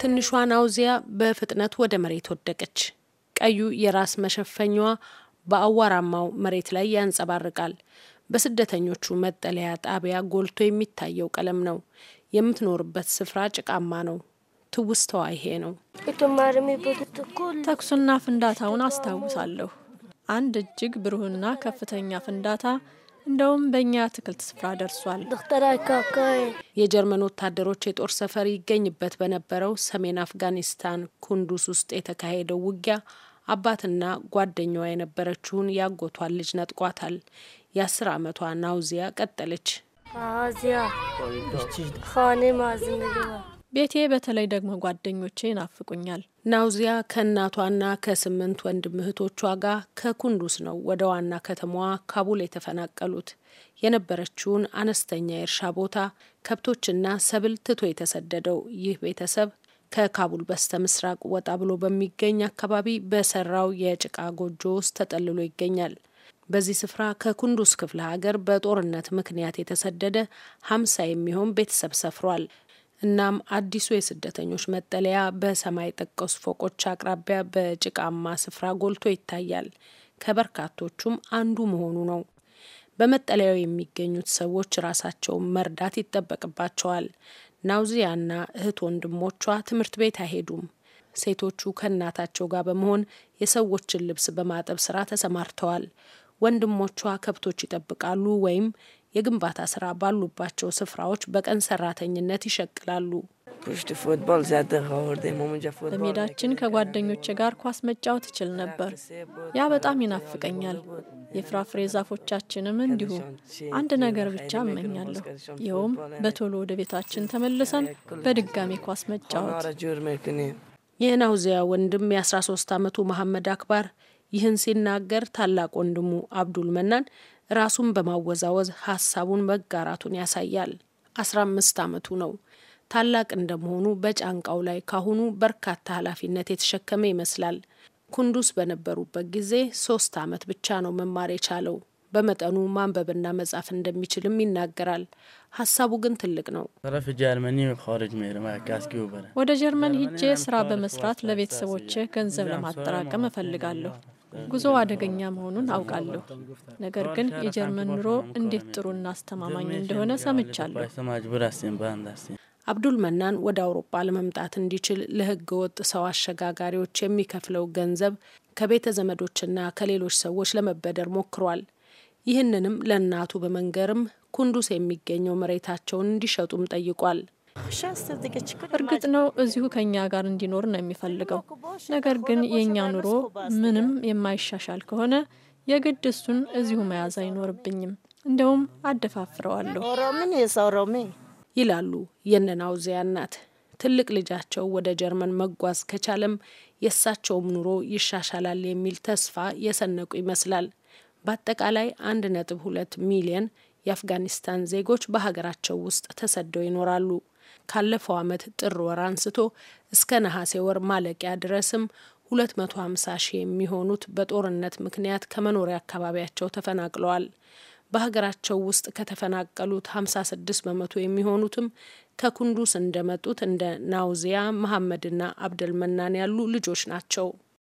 ትንሿ ናውዚያ በፍጥነት ወደ መሬት ወደቀች። ቀዩ የራስ መሸፈኛዋ በአዋራማው መሬት ላይ ያንጸባርቃል። በስደተኞቹ መጠለያ ጣቢያ ጎልቶ የሚታየው ቀለም ነው። የምትኖርበት ስፍራ ጭቃማ ነው። ትውስተዋ ይሄ ነው። ተኩሱና ፍንዳታውን አስታውሳለሁ። አንድ እጅግ ብሩህና ከፍተኛ ፍንዳታ እንደውም በእኛ አትክልት ስፍራ ደርሷል። የጀርመን ወታደሮች የጦር ሰፈር ይገኝበት በነበረው ሰሜን አፍጋኒስታን ኩንዱስ ውስጥ የተካሄደው ውጊያ አባትና ጓደኛዋ የነበረችውን ያጎቷን ልጅ ነጥቋታል። የአስር አመቷ ናውዚያ ቀጠለች። ቤቴ በተለይ ደግሞ ጓደኞቼ ይናፍቁኛል። ናውዚያ ከእናቷና ከስምንት ወንድም እህቶቿ ጋር ከኩንዱስ ነው ወደ ዋና ከተማዋ ካቡል የተፈናቀሉት። የነበረችውን አነስተኛ የእርሻ ቦታ፣ ከብቶችና ሰብል ትቶ የተሰደደው ይህ ቤተሰብ ከካቡል በስተ ምስራቅ ወጣ ብሎ በሚገኝ አካባቢ በሰራው የጭቃ ጎጆ ውስጥ ተጠልሎ ይገኛል። በዚህ ስፍራ ከኩንዱስ ክፍለ ሀገር በጦርነት ምክንያት የተሰደደ ሀምሳ የሚሆን ቤተሰብ ሰፍሯል። እናም አዲሱ የስደተኞች መጠለያ በሰማይ ጠቀሱ ፎቆች አቅራቢያ በጭቃማ ስፍራ ጎልቶ ይታያል። ከበርካቶቹም አንዱ መሆኑ ነው። በመጠለያው የሚገኙት ሰዎች ራሳቸውን መርዳት ይጠበቅባቸዋል። ናውዚያና እህት ወንድሞቿ ትምህርት ቤት አይሄዱም። ሴቶቹ ከእናታቸው ጋር በመሆን የሰዎችን ልብስ በማጠብ ስራ ተሰማርተዋል። ወንድሞቿ ከብቶች ይጠብቃሉ ወይም የግንባታ ስራ ባሉባቸው ስፍራዎች በቀን ሰራተኝነት ይሸቅላሉ። በሜዳችን ከጓደኞቼ ጋር ኳስ መጫወት እችል ነበር። ያ በጣም ይናፍቀኛል። የፍራፍሬ ዛፎቻችንም እንዲሁ። አንድ ነገር ብቻ እመኛለሁ፣ ይኸውም በቶሎ ወደ ቤታችን ተመልሰን በድጋሚ ኳስ መጫወት። የናውዚያ ወንድም የ13 ዓመቱ መሐመድ አክባር ይህን ሲናገር ታላቅ ወንድሙ አብዱል መናን ራሱን በማወዛወዝ ሀሳቡን መጋራቱን ያሳያል። አስራ አምስት ዓመቱ ነው። ታላቅ እንደመሆኑ በጫንቃው ላይ ካሁኑ በርካታ ኃላፊነት የተሸከመ ይመስላል። ኩንዱስ በነበሩበት ጊዜ ሶስት ዓመት ብቻ ነው መማር የቻለው። በመጠኑ ማንበብና መጻፍ እንደሚችልም ይናገራል። ሀሳቡ ግን ትልቅ ነው። ወደ ጀርመን ሂጄ ስራ በመስራት ለቤተሰቦቼ ገንዘብ ለማጠራቀም እፈልጋለሁ። ጉዞ አደገኛ መሆኑን አውቃለሁ። ነገር ግን የጀርመን ኑሮ እንዴት ጥሩና አስተማማኝ እንደሆነ ሰምቻለሁ። አብዱል መናን ወደ አውሮፓ ለመምጣት እንዲችል ለሕገ ወጥ ሰው አሸጋጋሪዎች የሚከፍለው ገንዘብ ከቤተ ዘመዶችና ከሌሎች ሰዎች ለመበደር ሞክሯል። ይህንንም ለእናቱ በመንገርም ኩንዱስ የሚገኘው መሬታቸውን እንዲሸጡም ጠይቋል። እርግጥ ነው እዚሁ ከእኛ ጋር እንዲኖር ነው የሚፈልገው። ነገር ግን የእኛ ኑሮ ምንም የማይሻሻል ከሆነ የግድ እሱን እዚሁ መያዝ አይኖርብኝም። እንደውም አደፋፍረዋለሁ ይላሉ የነናውዚያ እናት። ትልቅ ልጃቸው ወደ ጀርመን መጓዝ ከቻለም የእሳቸውም ኑሮ ይሻሻላል የሚል ተስፋ የሰነቁ ይመስላል። በአጠቃላይ አንድ ነጥብ ሁለት ሚሊየን የአፍጋኒስታን ዜጎች በሀገራቸው ውስጥ ተሰደው ይኖራሉ። ካለፈው ዓመት ጥር ወር አንስቶ እስከ ነሐሴ ወር ማለቂያ ድረስም 250 ሺህ የሚሆኑት በጦርነት ምክንያት ከመኖሪያ አካባቢያቸው ተፈናቅለዋል። በሀገራቸው ውስጥ ከተፈናቀሉት 56 በመቶ የሚሆኑትም ከኩንዱስ እንደመጡት እንደ ናውዚያ መሐመድና አብደል መናን ያሉ ልጆች ናቸው።